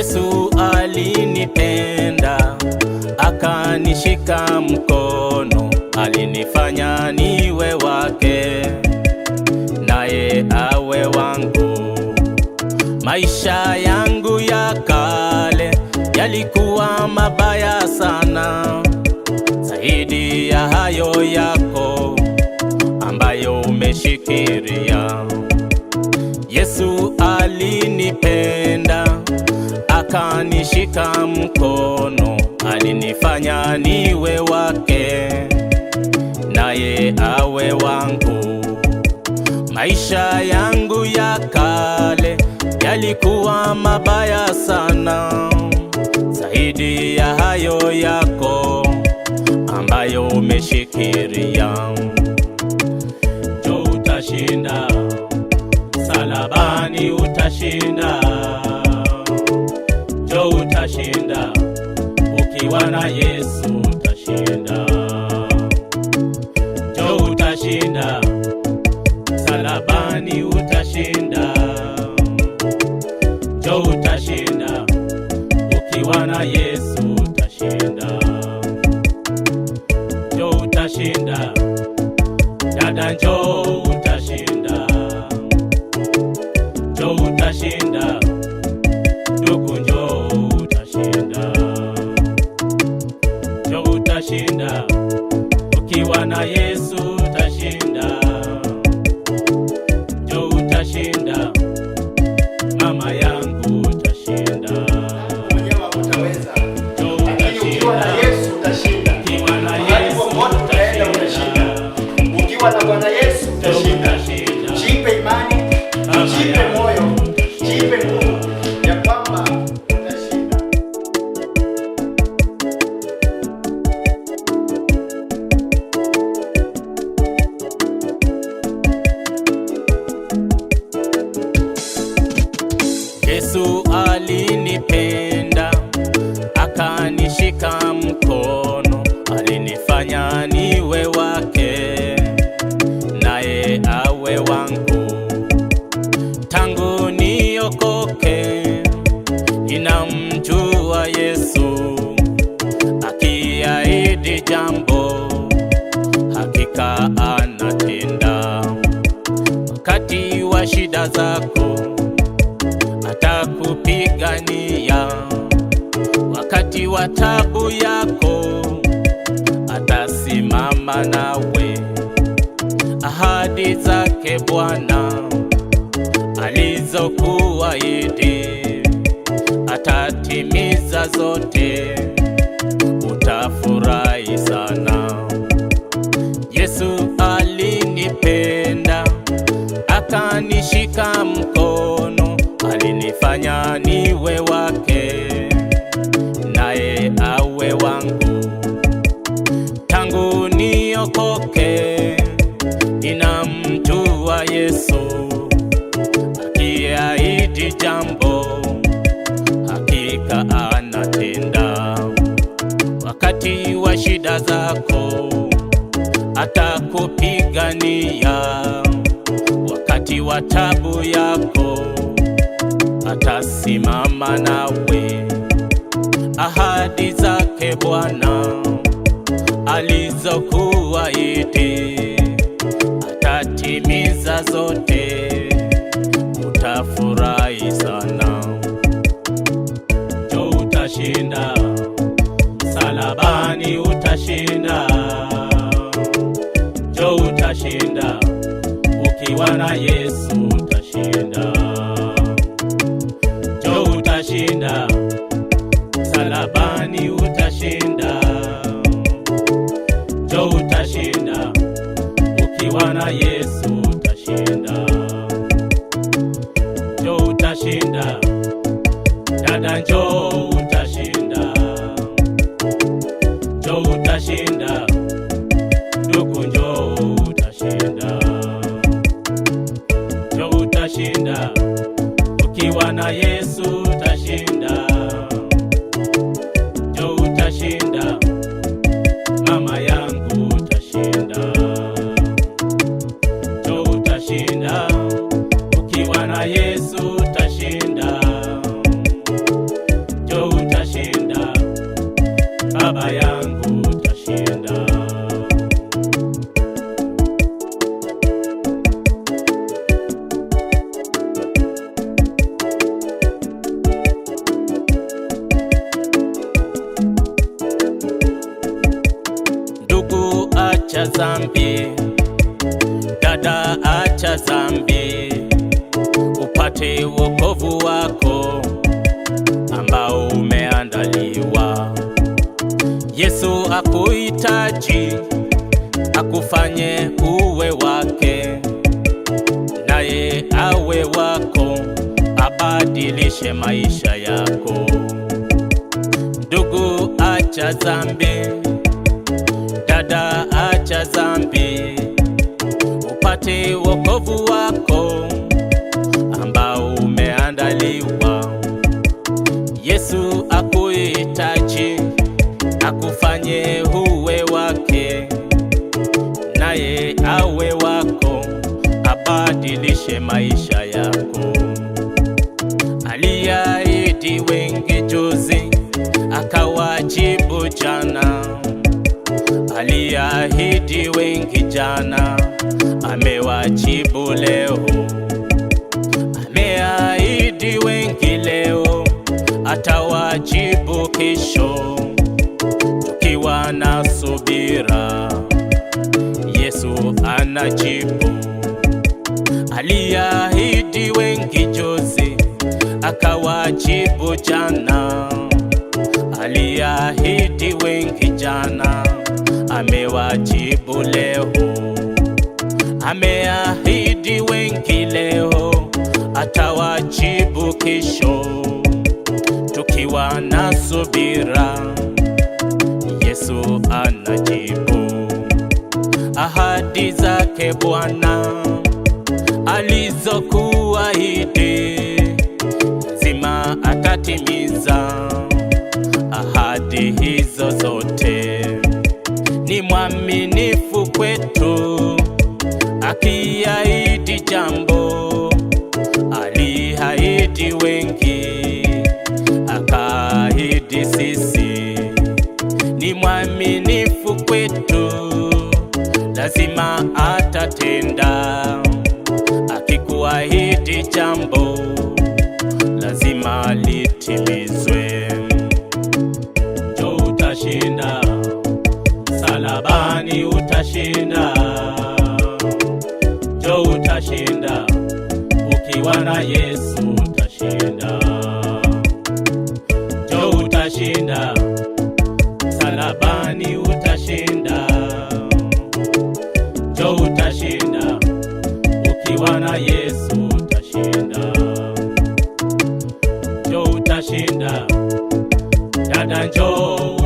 Yesu alinipenda akanishika mkono, alinifanya niwe wake naye awe wangu. Maisha yangu ya kale yalikuwa mabaya sana, zaidi ya hayo ya Maisha yangu ya kale yalikuwa mabaya sana, zaidi ya hayo yako ambayo umeshikiria. Jo, utashinda salabani, utashinda. Jo, utashinda ukiwa na Yesu utashinda. utashinda, ukiwa na Yesu utashinda, njo utashinda. Dada njoo wewe wangu, tangu niokoke ninamjua Yesu, akiahidi jambo hakika anatenda. Wakati wa shida zako atakupigania, wakati wa tabu yako zake Bwana alizokuahidi atatimiza zote, utafurahi sana. Yesu alinipenda akanishika mkono, alinifanya niwe wake shida zako, atakupigania wakati wa tabu yako, atasimama nawe. Ahadi zake Bwana alizokuahidi Ukiwa Yesu utashinda, jo utashinda, salabani utashinda, jo utashinda, ukiwa na Yesu utashinda, jo utashinda, dada njoo acha zambi, dada acha zambi, upate wokovu wako ambao umeandaliwa. Yesu akuhitaji, akufanye uwe wake, naye awe wako, abadilishe maisha yako. Ndugu, acha zambi cha zambi upate wokovu wako ambao umeandaliwa. Yesu akuhitaji akufanye uwe wake, naye awe wako, abadilishe maisha yako. aliaidi wengi aliahidi wengi jana, amewajibu leo, ameahidi wengi leo, atawajibu kesho, tukiwa na subira. Yesu anajibu. Aliahidi wengi juzi, akawajibu jana, aliahidi wengi jana amewajibu leo, ameahidi wengi leo, atawajibu kesho, tukiwa na subira. Yesu anajibu ahadi zake Bwana alizokuahidi, lazima atatimiza ahadi hizo zote mwaminifu kwetu, akiahidi jambo aliahidi wengi, akaahidi sisi. Ni mwaminifu kwetu, lazima atatenda. Akikuahidi jambo utashinda, jo utashinda, ukiwa na Yesu utashinda, jo utashinda, salabani utashinda, jo utashinda, ukiwa na Yesu utashinda, jo utashinda, dada njoo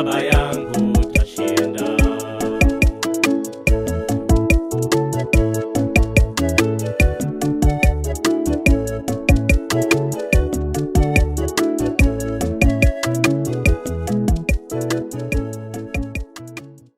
babayan